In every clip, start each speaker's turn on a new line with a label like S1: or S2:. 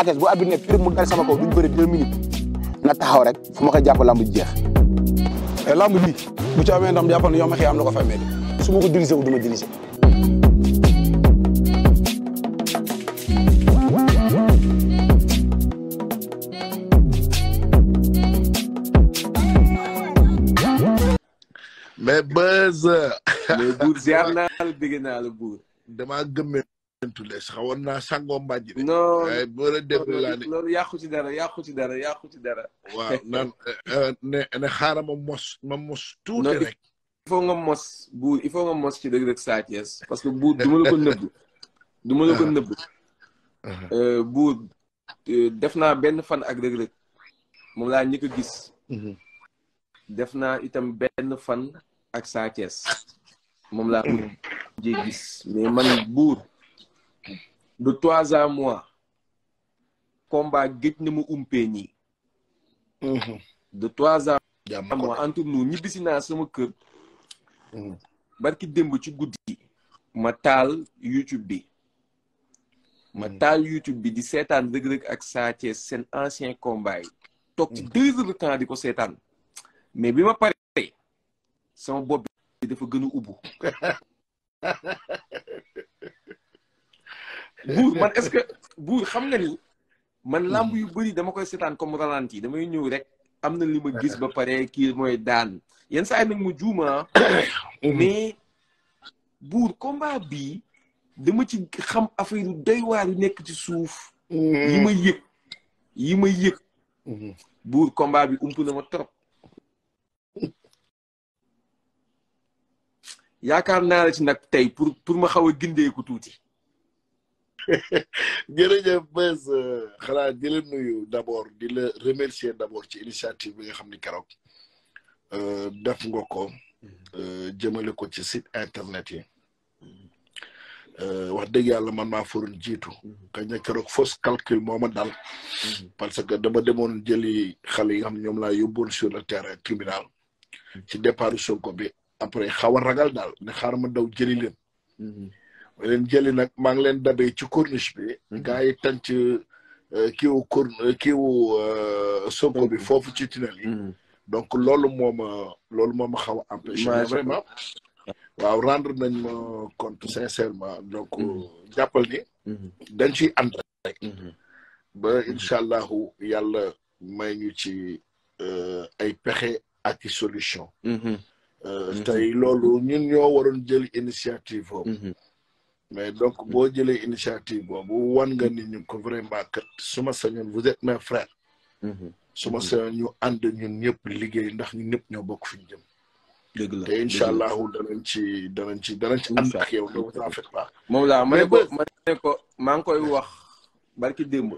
S1: Sa Thiès bu abbi mu dal sama kaw duñ bëri deux minutes na taxaw rek fu ma ko jàpp lamb ji jeex. te eh, lamb bi bu ci amee ndam jàppal am la ko fa su ko dirigé wu du ma dirigé. mais Buzz. mais buur ziar naa la dégg naa Touré xawoon naa sangoo mbàjj de. loolu eh, yàqu ci dara yàqu ci dara yàqu ci dara. waaw naan
S2: eh, eh, ne ne mos ma mos. tuuti rek
S1: il faut nga mos bu il faut nga mos ci Reug Reug Sa parce que buur du ma la ko nëbb. du ah. Ah. naa benn fan ak Reug Reug moom laa ñëkk a gis. Mhm. def naa itam benn fan ak Sa Thiès moom laa. Mhm. mujjee man buur. de trois à mois combat géej na mu umpee nii de trois à mois entre nous ñibbisi naa sama kër mhm. barki démb ci guddi ma taal YouTube bi ma mhm. taal YouTube bi di seetaan rëg-rëg ak Sa Thiès seen ancien combat yi toog ci mhm. deux heures de di ko seetaan mais bi ma paree sama bopp bi dafa gën a ubu buur man est-ce que buur xam na ni man làmb yu bëri dama koy seetaan comme ralenti damay ñëw rek am na li ma gis ba pare kii mooy daan yenn saa yi nag ma juuma ah. mais buur combat bii dama ci xam affaire yu doy waar yu nekk ci suuf mm-hmm. yi ma yëg yi ma yëg mm-hmm. buur combat bi ump na trop yaakaar naa la ci nag tey pour pour ma xaw a gindeeku tuuti
S2: jërëjëf bés euh, xanaa di la muy d' abord di la remercier d' abord ci initiative bi nga xam ne keroog euh, def nga ko euh, jëmale ko ci site internet yi wax dëgg yàlla man maa furun jiitu ka ña keroog fausse calcul moo ma dal parce que dama demoon jëli xale yi nga xam ñoom laa yóbboon sur le terrain tribunal ci départ Sonko bi après xaw a ragal daal ne xaar ma daw jëli leen ma leen jëli nag maa ngi leen dabee ci corniche bi mhm. gaa yi ci euh, kiiwu cour euh, kiiwu euh, sonko bi mhm. foofu ci tunnel yi mhm. donc loolu moo ma loolu moo ma xaw a empêché vraiment waaw rendre nañ ma compte sincèrement donc jàppal ni dañ ci ànd rek ba incha allahu yàlla may ñu ci ay pexe ak i solution tey loolu ñun ñoo waroon jël initiative boobu mais donc boo jëlee initiative boobu wan nga nit ñu ko vraiment kat su ma sañoon vous êtes mes frères. Mhm. su ma mhm. sañoon ñu ànd ñun ñëpp liggéey ndax ñun ñëpp ñoo bokk fi ñu jëm. dëgg te incha allahu
S1: danañ ci danañ ci danañ ci ànd ak yow ne vous en moom laa ma ne ko ma ne ko maa ngi koy wax barki démb.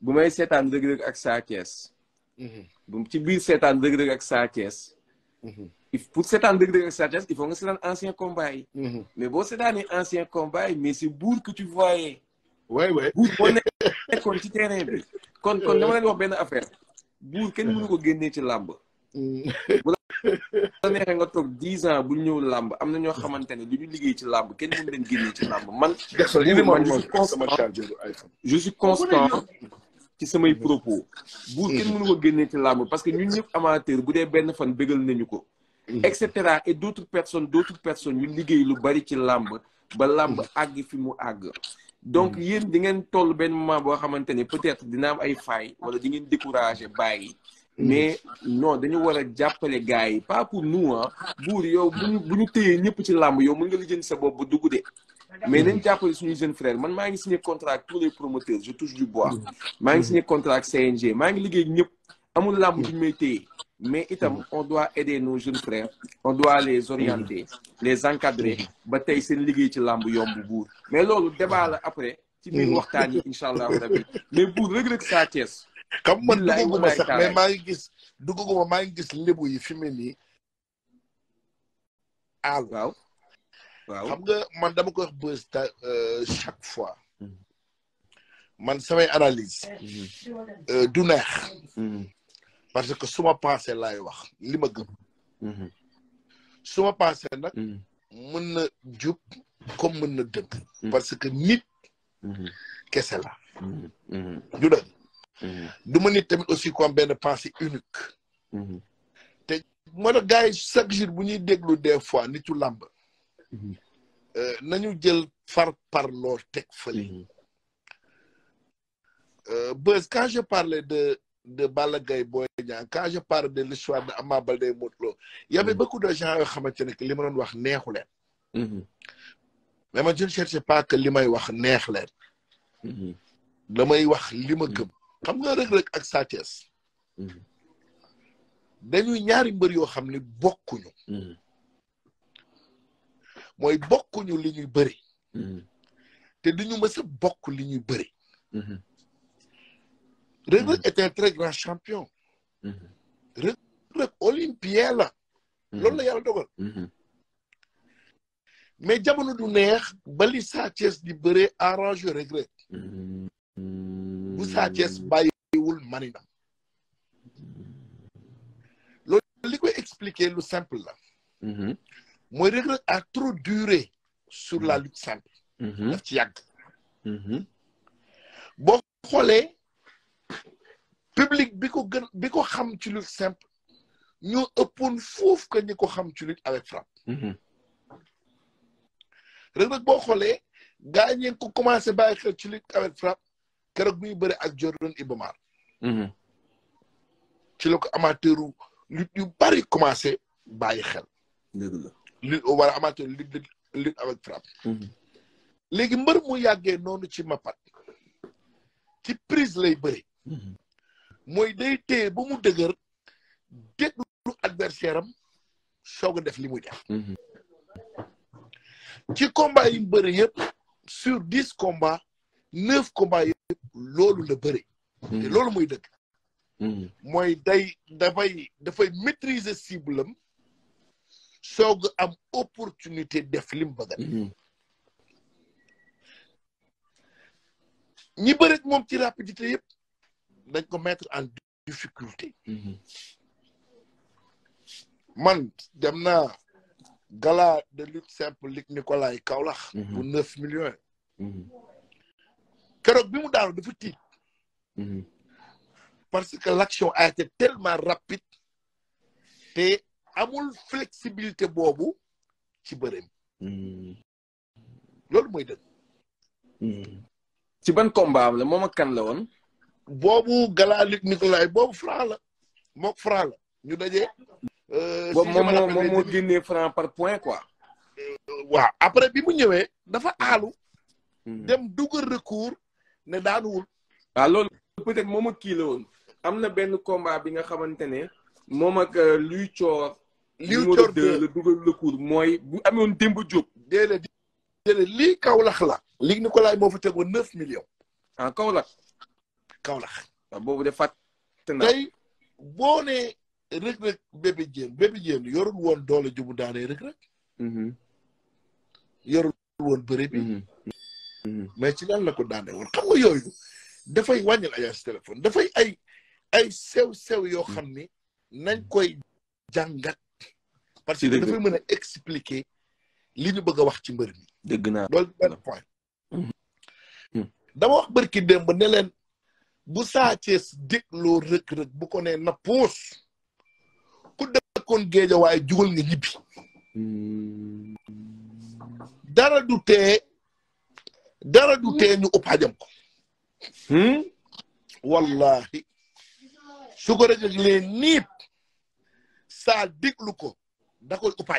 S1: bu may seetaan Reug ak Sa Thiès. Mhm. bu ci biir seetaan Reug Reug ak Sa Thiès. pour seetaan dëgg-dëgg ak Sa Thiès il faut nga seetaan ancien combat yi. Mhm. mais boo seetaanee ancien combat yi mais c'est Bour que tu voyais. waay waay Bour boo nekkoon ci terrain bi. kon kon dama leen wax benn affaire. Bour kenn mënu ko génnee ci làmb.
S3: Mhm. bu
S1: la neexee nga toog dix ans bu ñëw làmb am na ñoo xamante ne du ñu liggéey ci làmb kenn mënu leen génnee ci làmb man. man je suis constant je suis constant. ci samay propos. Bour kenn mënu ko génnee ci làmb parce que ñun ñëpp amateur bu dee benn fan bégal nañu ko. et cetera et d'autres personnes d'autres personnes yu liggéey lu bari ci làmb ba làmb àgg fi mu àgg donc mm. yéen di ngeen toll benn moment boo xamante ne peut-être dina am ay failles wala di ngeen décourager bàyyi mm. mais non dañu war a jàppale gars yi pas pour nous ah buur yow bu ñu téyee ñëpp ci làmb yow mën nga lijjanti sa bopp ba dugg de mais nañ jàppale suñuy jeune frère man maa ngi signé contrat ak tous les promoteurs je touche du bois mm. maa ngi signé contrat ak CNG maa ngi liggéey ñëpp amul làmb duñu may mais itam on doit aider nos jeunes frères on doit les orienter les encadrer ba tey seen liggéey ci làmb yomb buur mais loolu débat après ci biir waxtaan yi incha allah rabi mais buur Reug Reug Sa Thiès xam man dugguma sax mais maa
S2: ngi gis dugguma maa ngi gis lébu yi fi mu nii aal waaw waaw xam nga man dama ko wax bës euh, chaque fois mm-hmm. man samay analyse mm-hmm. euh, du neex mm-hmm. parce que su ma pensé laay wax li ma gëm mhm. su ma pensé nag mhm. na jub comme mën na dëgg mhm. parce que nit kese la du
S1: dëgg
S2: nit tamit aussi comme benn pensée unique te moo tax chaque jour bu ñuy déglu des fois nitu làmb euh, nañu jël far par lool teg fële Beuz quand je parlais de de Balla Gaye Boy Niang quand je parle de l'histoire de Ama Baldé Modou Lô y avait mhm. beaucoup de gens yoo xamante ne que li doon wax neexu leen mhm. ma man je ne cherche pas que li may wax neex leen mhm. damay wax li ma gëm xam nga Reug Reug ak Sa dañuy ñaari mbër yoo xam ni bokkuñu mooy bokkuñu li ñuy bëri te duñu mës a bokk li ñuy bëri Reug Reug est un très grand champion. Reug mhm. Reug olympien mhm. la. yàlla dogal. Mhm. mais jamono du neex bali li di bëree arrangé Reug Reug. bu Sa manina. loolu li koy expliquer lu simple
S1: la.
S2: mooy Reug Reug a trop duré sur la lutte simple. daf ci yàgg. boo xoolee. public bi ko gën bi ko xam ci lutte simple ñoo ëppoon foofu que ñi ko xam ci lutte avec frappe. Mhm. Reug Reug boo xoolee gaa ñi ko commencé bàyyi ci lutte avec frappe keroog muy bëre ak Jordan Ibomar. Mhm. ci la ko amateuru lutte yu bari commencé bàyyi xel. dëgg la wala amateur lutte lutte avec frappe. Mhm. léegi mbër mu yàggee noonu ci mapat ci prise lay bëri. mooy day téye ba mu dëgër déglu adversaire am soog a def li muy def mhm. ci combat yi mu bëri yëpp sur dix combats neuf combats yëpp loolu la bëri mhm. te loolu muy dëgg mhm. mooy day dafay dafay maîtriser cible am soog a am opportunité def li mu bëgg a def moom ci rapidité yëpp dañ ko mettre en difficulté. Mm-hmm. man dem naa gala de lutte simple Luc Nicolaï Kaolack. Mm-hmm. bu neuf millions. Mm-hmm. keroog bi mu daanu dafa tiit. parce que l'action a été tellement rapide te amul flexibilité
S1: boobu ci bëreem. loolu mooy dëgg. ci ban combat am moom ak kan la woon. boobu gala Luc Nicolaï boobu franc la mook franc ñu daje
S2: euh, boobu moom moo moom moo
S1: génnee franc par point quoi.
S2: Euh, waaw
S1: après bi mu ñëwee dafa aalu. Hmm. dem dugal recours ne daanuwul. waaw ah, loolu peut-être moom ak kii woon am na benn combat bi nga xamante ne moom ak luy coor. liy coor de la dugal recours mooy bu amoon démb jóg. déedéet déedéet lii Kaolack la. Luc Nicolaï moo
S2: fa tegoon neuf millions. Ah, Kaolack. Kaolack. waaw boobu de fàtte na tey boo nee rek rek bébé jéen bébé jéen yorul woon doole jubu daanee rek rek. Mhm. yorul woon mhm. Mhm. mais ci lan la ko daanee woon xam nga yooyu dafay wàññil ay téléphone dafay ay ay sew sew yoo xam ne nañ koy jàngat. parce que dafay mën a expliquer li ñu bëgg a wax ci mbër mi. naa loolu wax barki démb ne leen bu Sa Thiès dégloo Reug Reug bu ko nee na puus ku dëkkoon géeja waaye jugal nga ñibbi dara du tee dara du ñu upp xajam ko hmm? wallahi su ko Reug Reug saa déglu ko da koy upp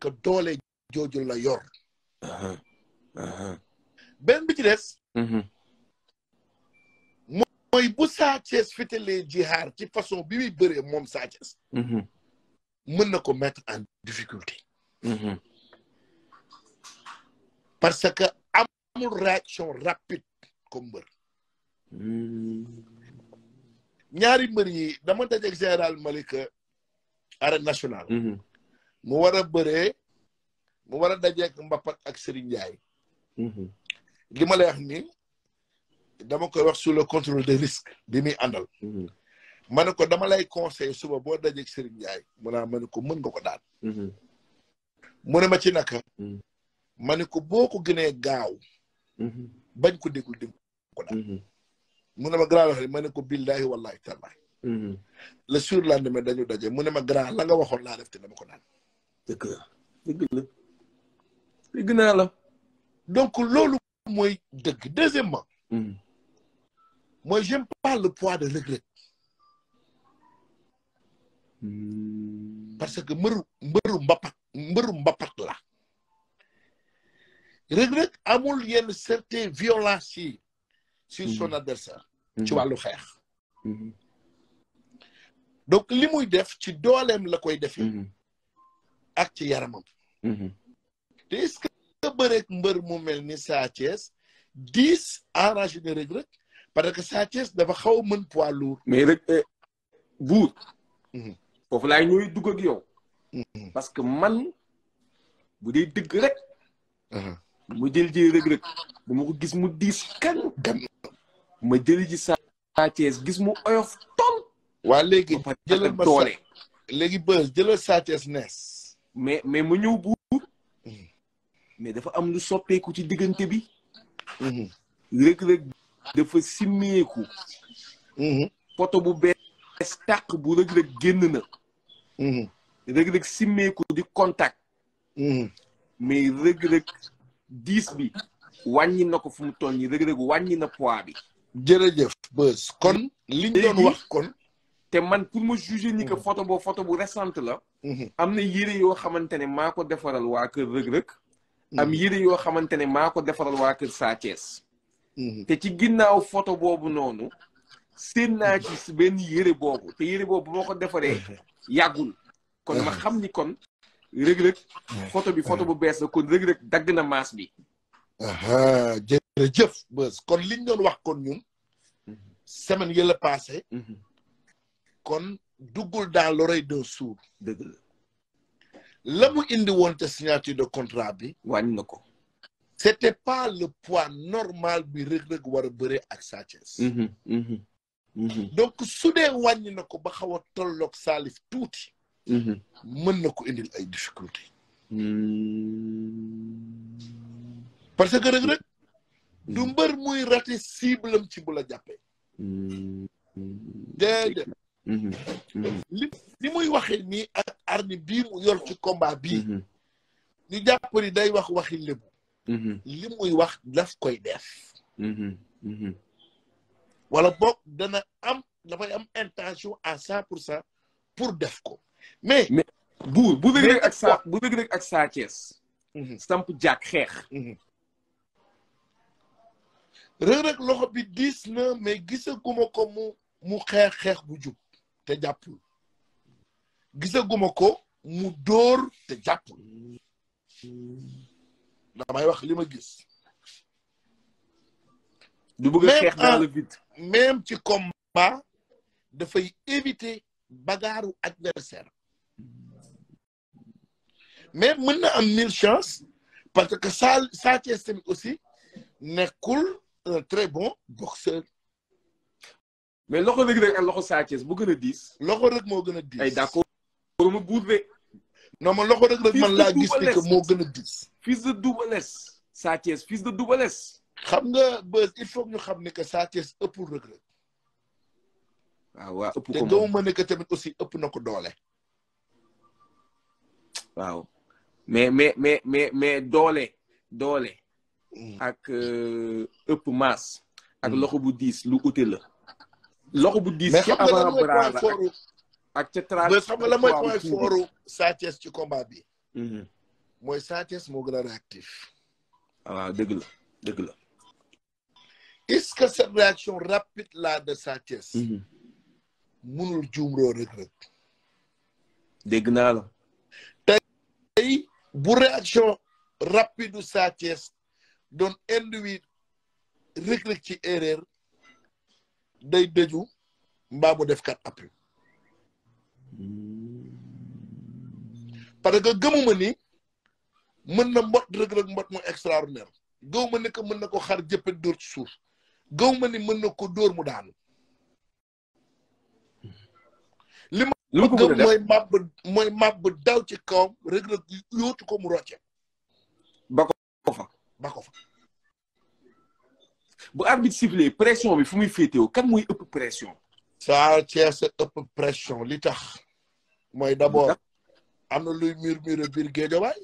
S2: que doole jooju la yor Uh-huh. benn bi ci des. Mm-hmm. mooy bu Sa Thiès fëtalee ci façon bi muy bëree moom Sa mm-hmm. mën na ko mettre en difficulté. Mm-hmm. parce que amul réaction rapide comme mbër. ñaari mbër yi dama dajeeg général Malick arène nationale. mu war a mu war a dajeeg Mbapat ak Serigne Mm-hmm. li ma lay wax nii dama koy wax sur le contrôle de risques bi muy àndal. Mm-hmm. ma ne ko dama lay conseil suba boo dajeeg Serigne Ndiaye mu naa ah, ma ne ko mën nga ko daan. Mm-hmm. mu ne ma ci naka. ma ne ko boo ko gënee gaaw. bañ ko déglu dem ko daan. mu ne ma grand wax ma ne ko billahi wallahi
S1: tallahi.
S2: le surlendemain dañu daje mu ne ma grand la nga waxoon laa def te dama ko daan. dëgg la la. donc loolu mooy dëgg deuxièmement hmm. mooy j'aime pas le poids de regret hmm. parce que mbëru mbëru mbapat mbëru mbapat la regret amul yenn certain violence yi sur son hmm. adversaire ci wàllu xeex donc li muy def ci dooleem la koy defee ak ci yaramam te est bëreeg mbër mu mel ni Sa Thiès dix arrangé na Reug parce que Sa dafa xaw a mën poids lourd. mais rek eh, buur.
S1: Mhm. foofu laay ñooy dugg ak yow. Mhm. que man bu dee dëgg rek. Mhm. ma jël ji Reug Reug ko gis mu diis kan kan. ma jël ji Sa gis mu oyof tool. waa léegi jëlal ma sa léegi bës jëlal Sa Thiès nees. mais mais dafa am lu soppeeku ci diggante bi. Mm-hmm. rëg-rëg dafa simmeeku. Mm-hmm. poto bu bees tàq bu rëg-rëg génn na. Mm-hmm. rëg-rëg simmeeku di contact. mais rëg-rëg diis bi wàññi na ko fu mu toll nii rëg-rëg wàññi na poids bi. jërëjëf bës kon liñ doon wax kon. te man pour ma juger ni que boo boobu photo bu récente la. am na yére yoo xamante ne maa ko defaral waa kër rëg-rëg. am mm-hmm. yére yoo xamante ne maa ko defaral waa kër Sa Thiès mm-hmm. te ci ginnaaw photo boobu noonu seen naa mm-hmm. ci benn yére boobu te yére boobu moo ko defaree yàggul kon ma xam ni kon rëg photo bi photo bu bees la kon rëg dagg na maas bi
S2: jërëjëf bës kon liñ doon wax kon ñun semaine yële passé kon duggul dans l'oreille d'un sourd dëgg la la mu indi woon te signature de contrat bi. wàññi na ko. c' était pas le poids normal bi rëg-rëg war a bëree ak Sa mhm, mhm, mhm. donc su dee wàññi na ko ba xaw a tolloog Salif tuuti. mën na ko indil ay difficultés. Hmm. parce que rëg-rëg. du hmm. mbër muy raté cible am ci bu jàppee. Hmm. Mhm. Mhm. li li muy waxee nii ak arme bii mu yor ci combat bii. Mhm. ñu jàpp ni day wax waxi lébu. li muy wax daf koy def. wala boog dana am dafay am intention à cent pour cent
S1: pour def ko mais. mais bu bu Reug Reug ak saa bu samp jaak xeex. Reug
S2: Reug loxo bi diis na mais gisaguma ko mu mu xeex xeex bu jub. te jàppul gisaguma ko mu dóor te jàppul damay wax li ma gis du bëgg a xeex dans le vide même ci ba dafay éviter bagaaru adversaire mais mën na am mille chance parce que Sa Thiès tamit aussi nekkul un très
S1: bon boxeur mais loxo Reug Reug loxo Sa Thiès bu a diis. loxo Reug moo gën a diis. ay d'accord ma buur de. non man loxo Reug Reug man laa gis ni que moo gën a diis. fils de Double Less. Sa Thiès fils de Double Less. xam nga bës il faut
S2: ñu xam ni que Sa Thiès ëppul
S1: waaw ëpp ko moom te doo
S2: mën que tamit aussi ëpp na ko doole.
S1: waaw mais mais mais mais mais doole doole. Mm. ak euh, ëpp maas. ak mm. loxo bu diis lu ute la. loxo bu diis ci avant bras la ak ca traçé xam nga la mooy point fort
S2: Sa Thiès ci combat bi. Mhm. mooy Sa Thiès moo gën a réactif.
S1: waaw ah, dëgg la dëgg la.
S2: est-ce que cette réaction rapide là de Sa Thiès. mënul mhm. juumroo Reug Reug. dégg naa la. tey bu réaction rapide du Sa Thiès doon induire Reug Reug ci erreur. day dëju mbaa mu def quatre appuis parce que gëmuma ni mën na mbot rëg mbot mu extraordinaire gëw ma ni que mën na ko xar jëppee dóor ci suuf gëw ni mën na ko dóor mu daanu. lim ma li ma ko gëm daw ci kawam rëg rëg ko mu rocce.
S1: ba ko fa. bu arbitre sifflé pression bi fu muy féetewoo kan muy ëpp pression. Sa Thiès ëpp pression
S2: li tax. mooy d'abord am na luy murmure biir géejawaay.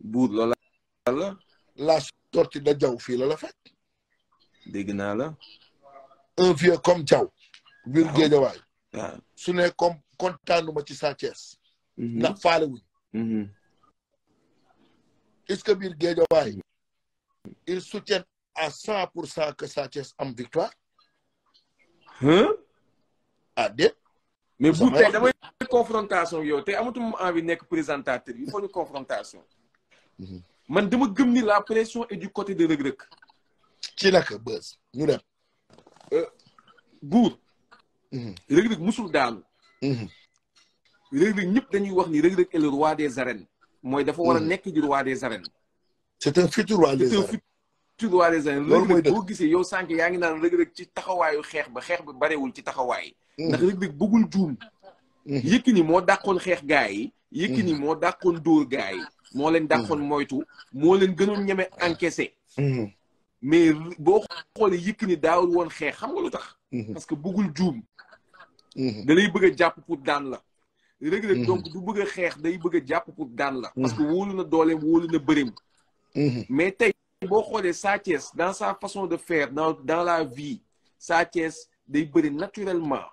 S2: buur loola la. la sortie de Diaw fii la la fekk. dégg naa la. un comme Diaw. biir géejawaay. waaw su ne comme kontaanuma ci Sa Thiès. Mhm. ndax faale wuñ. Mhm. est-ce que biir géejawaay. Mhm. ils soutiennent à cent pour cent que Sa Thiès am victoire. ah déet. mais bu tey damay
S1: confrontation yow tey amatuma envie nekk présentateur il faut ñu confrontation. Mhm. man dama gëm ni la pression et du côté de Reug Reug. ci naka bës ñu dem. buur. Euh, mhm. Reug Reug musul daanu. Mhm. Reug Reug ñëpp dañuy wax ni Reug Reug est le roi des arènes mooy dafa war a nekk di roi des arènes.
S2: c'est un futur roi des arènes.
S1: tu dois raison loolu mooy boo gisee yow sànq yaa ngi naan rëg-rëg ci taxawaayu xeex ba xeex ba barewul ci taxawaay mm. ndax rëg-rëg bëggul juum mm-hmm. Yékini moo dàqoon xeex gaa yi mm-hmm. ni moo dàqoon dóor gaa yi moo leen dàqoon mm-hmm. moytu moo leen gënoon ñeme encaissé mais boo xoolee ni daawul woon xeex xam nga lu tax parce que bëggul juum da lay bëgg jàpp pour daan la rëg-rëg donc du bëgg xeex day bëgg a jàpp pour daan la parce que wóolu na dooleem wóolu na bërim mais tey boo xoolee Sa Thiès dans sa façon de faire dans dans la vie Sa day bëri naturellement.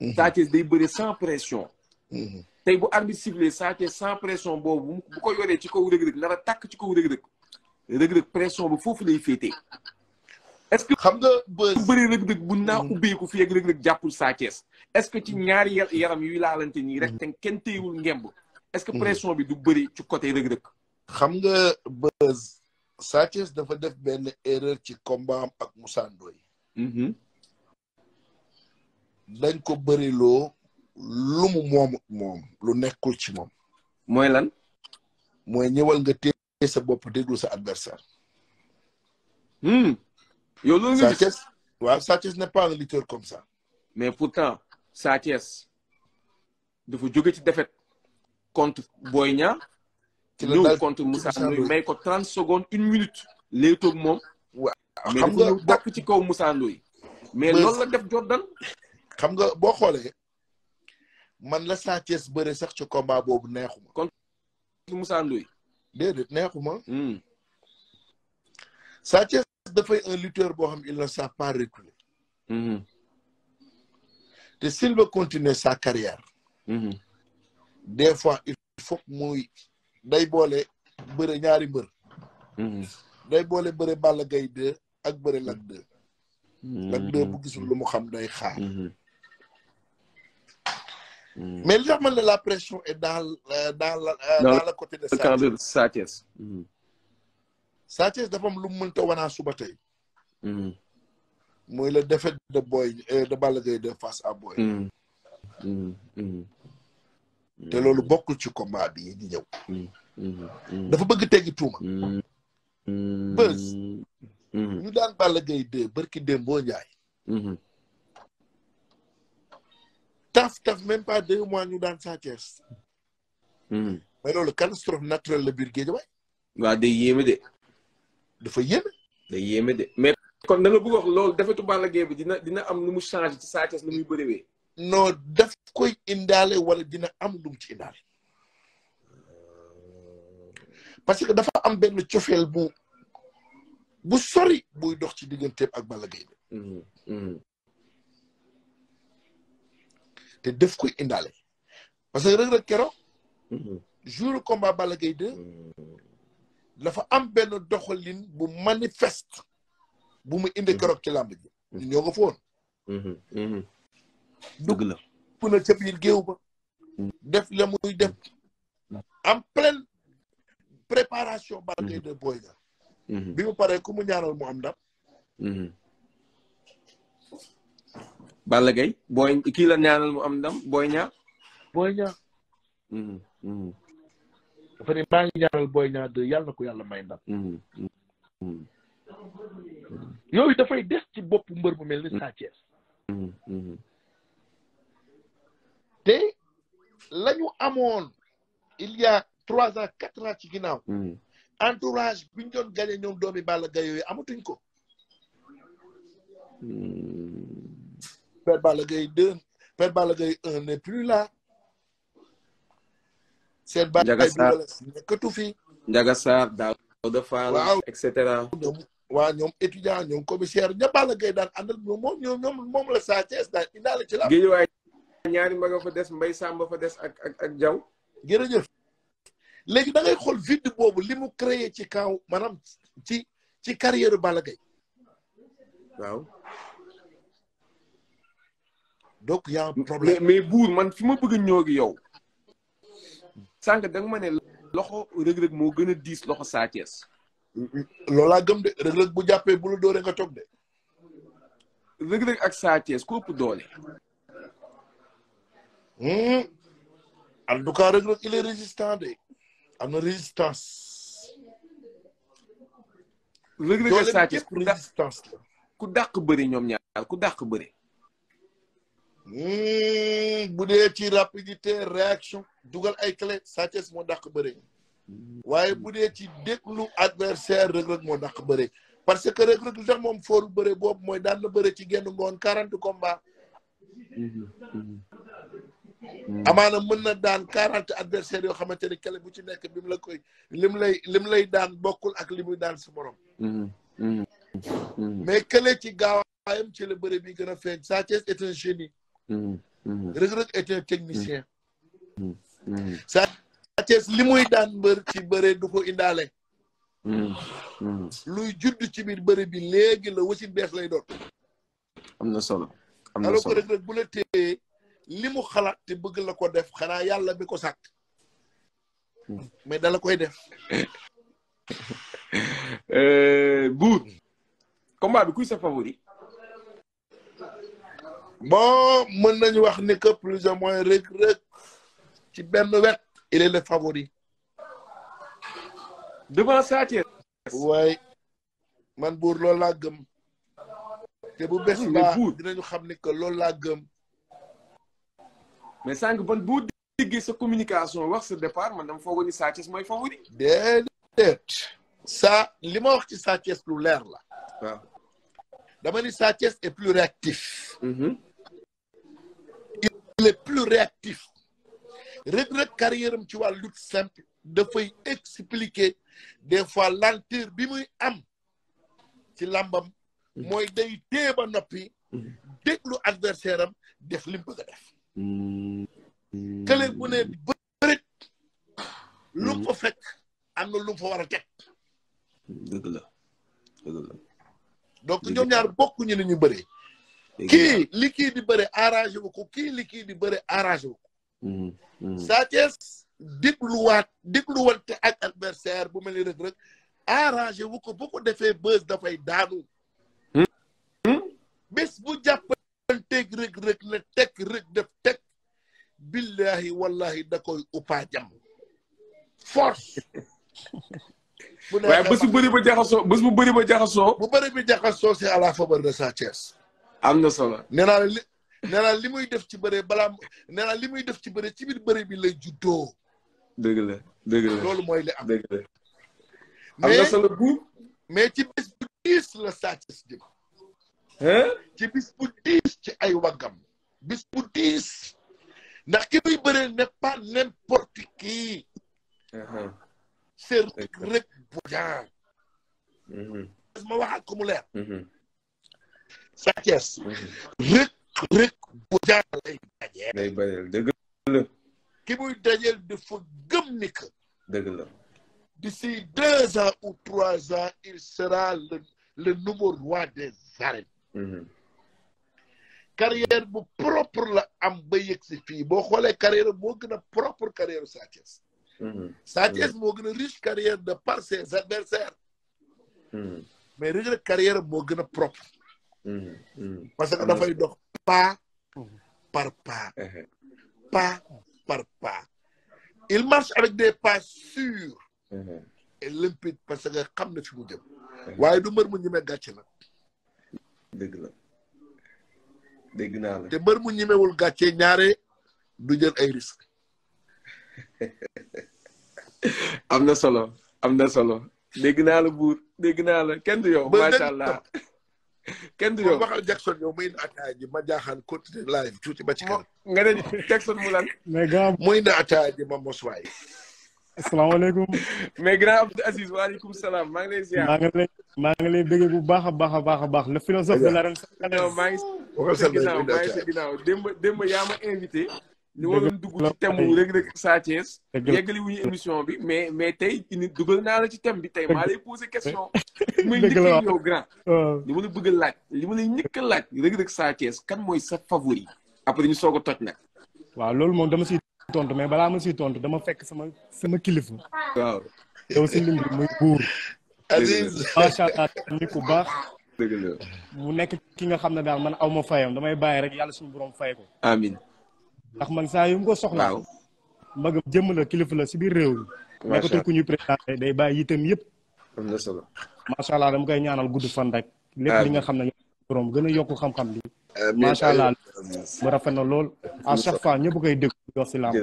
S1: Mhm. Sa day bëri sans pression. Mhm. tey bu arbitre sifflé Sa Thiès sans pression boobu bu ko yoree ci kaw Reug Reug nar a ci kaw Reug Reug Reug Reug pression bi foofu lay féetee. est-ce que xam nga bës bu bëri Reug Reug bu naa ubbeeku fii ak Reug Reug jàppul Sa Thiès est-ce que ci mhm. ñaari yaram yuy laalante nii rek te kenn téyewul ngemb est-ce que pression bi du bëri ci côté Reug Reug xam
S2: nga bës Sa dafa def benn erreur ci combat am ak Moussa Ndoye mhm. dañ ko bëriloo lu moom moom lu nekkul ci moom mooy lan mooy ñëwal nga téye sa bopp déglu sa adversaire hmm. yow loolu nga gis
S1: waaw Sa Thiès n'est pas un lutteur comme ça mais pourtant Sa Thiès dafa ci defet contre Boy
S2: ñëw contre Moussa Ndoye may
S1: ko trente secondes une minute léegi moom. waaw xam nga mais dàq ci kaw Moussa Ndoye mais loolu la def Jordan. xam nga boo xoolee
S2: man la Sa Thiès bëre sax ci combat boobu neexuma. contre Moussa Ndoye. déedéet neexuma. Hmm. Sa dafay un lutteur boo xam il ne sait pas reculer. Hmm. te s'il veut continuer sa carrière. Hmm. des fois il faut muy. day boole bëre ñaari mbër mm-hmm. day boole bëre Balla Gaye ak bëre Lac 2
S1: mm-hmm. bu gisul
S2: lu mu xam day xaar
S1: mm-hmm. mais li
S2: nga xamante la pression est dans euh, dans la euh, dans le côté de
S1: Sa Thiès
S2: Sa Thiès dafa am lu mu mënta wanaa suba tey muy la défaite de Boy euh, de Balla Gaye de face Boy Mm. te loolu bokkul ci combat bi di ñëw. Mm. Mm. dafa bëgg teggi tuuma. bës. ñu daan Balla Gaye 2 barki Dembo Ndiaye. taf taf même pas deux mois ñu daan Sa Thiès.
S1: mais
S2: loolu catastrophe naturelle la biir géej waay.
S1: waaw day yéeme de. dafa yéeme. day yéeme de mais kon da nga bëgg wax loolu defetu Balla bi dina dina am lu mu changé ci Sa Thiès lu non daf koy indaale wala dina am lu mu ci indaale parce
S2: que dafa am benn cofeel bu bu sori buy dox ci diggante ak Balla Gaye
S1: bi mm-hmm. mm-hmm.
S2: te daf koy indaale parce que Reug Reug keroog mm-hmm. jour combat Balla Gaye 2 dafa am benn doxalin bu manifeste bu mu indi keroog ci làmb ji ñun
S1: ñoo dugg la
S2: fu na ca biir géew ba mm. def la muy def en mm. pleine préparation bataille mm-hmm. de Boy Niang mm-hmm. bi mu paree ku mu ñaanal mu am ndam
S1: mm-hmm. Balla Gaye booy kii la ñaanal mu am ndam Boy Niang
S2: Boy Niang dafa ne maa yàlla na ko yàlla may ndam yooyu dafay des ci bopp mbër bu mel ni Sa Thiès te la amoon il y a trois ans quatre ans ci ginnaaw. Hmm. entourage bi ñu doon gañe ñoom doomi Balla Gaye yooyu amatuñ ko.
S1: Hmm.
S2: Père Balla Gaye deux Père Balla Gaye un n'est plus là.
S1: Seen Balla Gaye fi. Ndiaga Sarr Daouda Fall. waaw et cetera. ñoom
S2: waa ñoom étudiant ñoom commissaire ña Balla Gaye daan àndal moom moom la Sa Thiès daan ñaari maga fa des mbay sàmba fa des ak ak ak jaw jërëjëf léegi da ngay xool vide boobu li mu créé ci kaw maanaam ci ci carrière Balla Gaye waaw
S1: donc y problème mais buur man fi ma bëgg a yow sànq da nga ma ne loxo rëg-rëg moo gën a diis loxo Sa Thiès loolaa gëm de rëg-rëg bu jàppee bu la dóoree nga toog de rëg-rëg ak Sa Thiès ko doole Hmm?
S2: en tout cas Reug Reug il est résistant de am na résistance.
S1: Reug Reug ak Sa ku résistance ku dàq bëri ñoom ñaar ku dàq bëri.
S2: Hmm, bu dee ci rapidité réaction dugal ay clé Sa Thiès moo dàq bëri. waaye bu dee ci déglu adversaire Reug Reug moo dàq bëri parce que Reug Reug li tax moom fooru bëri boobu mooy daan na bëri ci genn ngoon quarante combats. Mhm, mhm. Mm. amaana mën na daan quarante adversaires yoo xamante ni kele bu ci nekk bi mu la koy lim lay lim lay daan bokkul ak li muy daan sa morom
S3: mm-hmm. Mm-hmm. Mm-hmm.
S2: mais ci gaawaayam ci la bëre bi gën a feeñ Sa Thiès est un génie Reug technicien Sa Thiès li muy daan bër ci bëre du ko indaale luy judd ci biir bëre bi léegi la wasin bees lay doon
S1: am na solo am na solo
S2: limu mu te bëgg la ko def xanaa yàlla mi ko sàkk mais dala koy def
S1: euh, buur combat bi kuy sa favori
S2: bon mën nañu wax ni que plus ou moins Reug Reug ci benn wet il est le favori devant Sa Thiès waaye man buur loolu laa gëm
S1: te bu bés baa dinañu xam ni que loolu laa gëm mais sànq ban bu déggee sa communication wax sa départ man dama foog ni Sa Thiès mooy favori. déedéet. saa li ma wax ci Sa Thiès lu leer
S2: la. dama ni Sa Thiès est plus réactif. Mm-hmm. il est plus ci wàllu lutte simple dafay expliquer des fois lenteur bi muy am ci làmbam. Mm-hmm. mooy day téye ba noppi. Mm-hmm. déglu adversaire am def li mu bëgg def. kële bu ne bërit lu mu fa fekk am na lu mu war a teg. dëgg ñaar bokkuñu ne ñu bëree. kii li kii di bëre arrangé wu ko kii li kii di bëre arrangé wu ko.
S1: Mm-hmm, mm-hmm. Sa
S2: Thiès dégluwaat dégluwante ak adversaire bu mel ni Reug wu ko ko defee bës dafay daanu. Hmm? Hmm? bés bu teg rek rek ne teg rek def teg billahi wallahi da koy upaa bu waaye bés bu bëri ba jaxasoo bés bu bëri ba jaxasoo ba bëri bi jaxasoo c'est à la faveur de sa am
S1: na solo nee
S2: li nee naa def ci bëre balaa nee naa li muy def ci bëre ci biir bëre bi lay juddoo
S1: dëgg la loolu mooy li am dëgg
S2: am na solo bu mais ci bés bu la Sa Thiès ci bis diis ci ay waggam bis diis ndax ki muy bëreel n'est pas n'importe qui uh-huh. c'est Reug Reug Bodian mm-hmm. ma waxaat ko mu
S1: mm-hmm. Sa Thiès Reug mm-hmm. Reug Bodian lay dajeel lay bëreel dëgg la
S2: ki muy dajeel dafa gëm ni que dëgg la d'ici deux ans ou trois ans il sera le le nouveau roi des arènes Mhm. carrière bu propre la am ba yëg si fii boo xoolee carrière moo gën a propre carrière Sa Thiès mhm. Sa Thiès moo gën a riche carrière de par ses adversaires mhm. mais Reug Reug carrière moo gën a propre parce que dafay dox eh. pas par pas pas par il marche avec des pas sûrs eh. et limpides parce que xam na fi mu jëm eh. waaye du mbër mu ñemee gàcce nag dëgg la dégg naa te mbër mu ñemewul gàcce ñaare du jël ay
S1: risque am na solo am na solo dégg naa la buur dégg naa la kenn du yow macha allah kenn du yow
S2: waxal Jackson yow muy na ataaya ji ma jaaxaan continuer live tuuti ba ci kanam nga ne Jackson mu lan mais gaaw muy na ataaya
S1: ma mos waay
S3: asalaamaaleykum.
S1: mais grand Abdou Aziz waaleykum salaam maa ngi lay ziar.
S3: bu baax a baax a baax a baax le philosophe de l'arène.
S1: non maa ngi sa ginnaaw demb ngi invité ginnaaw démb démb yaa ma invité. ñu waroon dugg ci thème wu Reug Reug Sa Thiès. émission bi mais mais tey ni dugal naa la ci thème bi tey maa lay posé question. muy njëkk yow grand. li ma la bëgg laaj li ma la njëkk laaj Reug Reug Sa Thiès kan mooy sa favori. après ñu soog a toj nag. waaw loolu moom dama
S3: si tontu mais balaa ma si tontu dama fekk sama sama kilifa.
S1: waaw si lim bi
S3: mu nekk ki nga xam ne daal man aw ma fayam damay bàyyi rek
S1: yàlla suñu borom fay ko. amiin
S3: ndax man saa yu mu ko soxlaa. waaw mbagam jëmm la kilifa la si biir réew mi. macha allah ku ñuy présenté day bàyyi itam yëpp. am na kay macha allah ñaanal gudd fan rek. lépp li nga xam ne borom gën a yokk xam-xam bi. macha allah rafet na lool à chaque fois ñëpp koy dégg wax moo làmb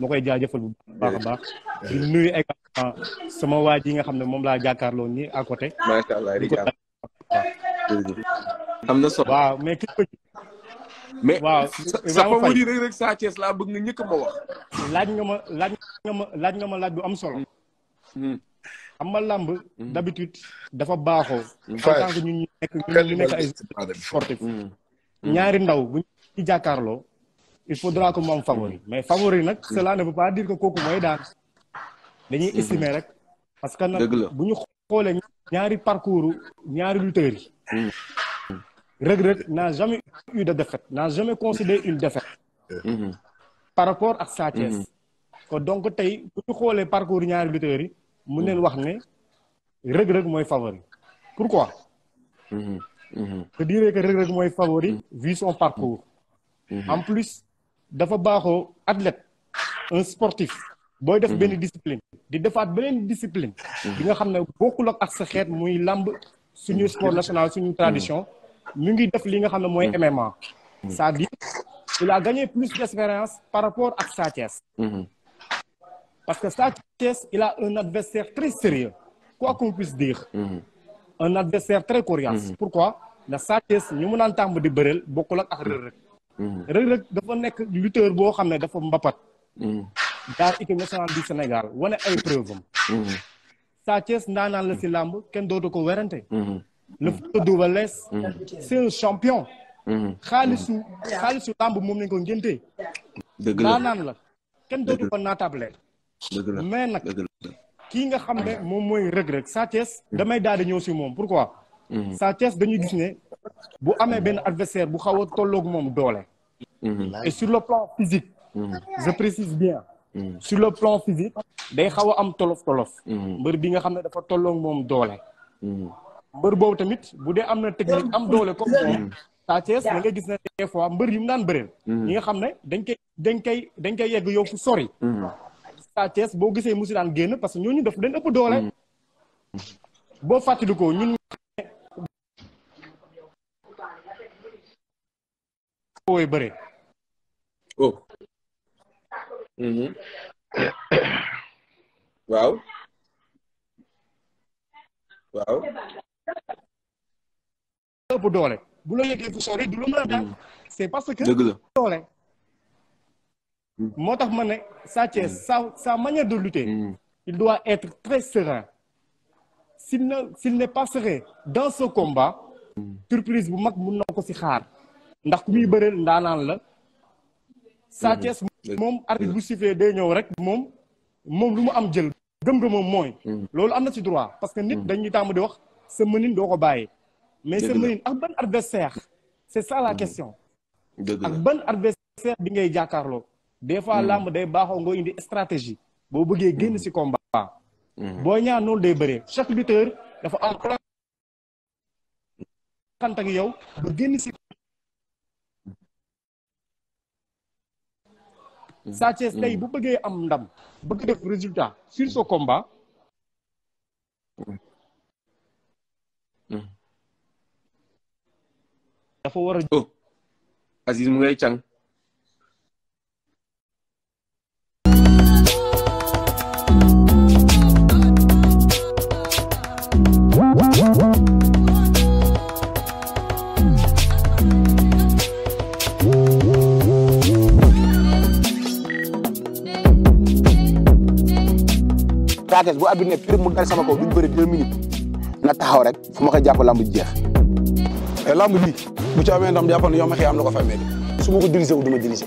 S3: ma koy jaajëfal bu baax a baax di nuyu également sama waa ji nga xam ne moom laa jàkkaarloo nii à côté macha allah
S1: am na solo waaw
S3: mais ki ko mais waaw rek
S1: rek Sa Thiès laa bëgg nga ñëkk
S3: ma wax laaj nga ma laaj ma laaj nga ma laaj bu am solo hmm. xam nga làmb mm. d'habitude dafa baaxoo mm. en tant que ñun ñu nekk ñu
S1: nekk mm. ñaari
S3: ndaw bu ñu jàkkaarloo il faudra que mu am favori mais favori nag cela bu veut pas dire que kooku mooy daan dañuy mm-hmm. estimer rek parce que nag bu ñu xoolee ñaari parcours ñaari lutteurs yi Reug n'a jamais eu de défaite n'a jamais considéré une défaite mm-hmm. par rapport ak Sa Thiès mm-hmm. donc tey bu ñu xoolee parcours ñaari lutteurs mun mm. leen wax ne rëg-rëg mooy favori pourquoi mm-hmm. Mm-hmm. je dirais que rëg-rëg mooy favori vu son parcours mm-hmm. en plus dafa baaxoo athlète un sportif booy def benn discipline di defaat beneen discipline bi nga xam ne bokkul ak sa xeet muy làmb suñu sport national suñu tradition mu ngi def li nga xam ne mooy MMA c'est-à-dire il a gagné plus par rapport ak Sa Thiès Parce que Sa Thiès, il a un adversaire très sérieux. Quoi qu'on puisse dire. Mhm. Un adversaire très coriace. Mhm. Pourquoi ndax Sa Thiès ñu mu naan tàmb di bëreel bokkul ak ak Reug mhm. Reug. Reug dafa nekk lutteur boo xam ne dafa mbapat. jaar équipe nationale du Sénégal wane ay preuve am. Sa Thiès la si làmb kenn dootu ko werante. le fële Double un champion. xaalisu làmb moom lañ ko ngéntee. dëgg la la kenn dootu ko naatable. mais nag kii nga xam ne moom mooy Reug Reug Sa Thiès mm. damay daal di ñëw si moom pourquoi. Mm. Sa Thiès dañuy gis ne bu amee benn adversaire bu xaw a tolloog moom doole. Mm-hmm. et sur le plan physique. Mm. je précise le plan physique. day xaw a am tolof tolof. Mm-hmm. mbër bi nga xam ne dafa tolloog moom doole. mbër boobu tamit bu dee am na technique am doole comme moom. Sa nga gis ne fois mbër yi mu daan bëreel. ñi nga xam ne dañ koy dañ koy dañ koy yegg yow fu sori. Sa Thiès boo gisee musu daan génn parce que ñooñu daf leen ëpp doole. Mm. boo fàttalikoo ñun. wooy bëre. oh. Mm-hmm. waaw. waaw. ëpp doole bu la yeggee fu sori du la mën a daan. Mm. c'est parce que doole. Mm. moo tax ma ne Sa Thiès mm. sa sa manière de lutter mm. il doit être très serein s'il ne s'il ne pas serein dans ce combat surprise bu mag mun na ko si xaar ndax ku muy bëreel ndaanaan la
S1: Sa Thiès moom
S3: arbitre bu sifflé day ñëw rek moom moom lu mu am jël gëm-gëmam mooy loolu am na ci droit parce que nit dañuy tàmm di wax sa mënin doo ko bàyyi mais sa mënin ak ban adversaire c'est ça la question ak ban adversaire bi ngay jàkkaarloo des fois hmm. làmb day baaxoo nga indi stratégie boo bëggee hmm. génn si combat. Hmm. boo Niang noonu day bëree chaque lutteur dafa am plan xant ak yow ba génn si Sa Thiès tey bu bëggee am ndam bëgg def résultat sur ce combat
S1: dafa war a oh. Aziz mu ngay càng Sathiès bu abbi nekk mu dal sama kaw duñ bëri deux minutes na taxaw rek fu ma koy jàpp lamb ji jeex. Eh, lamb bi bu ci amee ndam jàpp na yow ma xëy am na ko fay mel su ma ko dirigé wu du ma dirigé.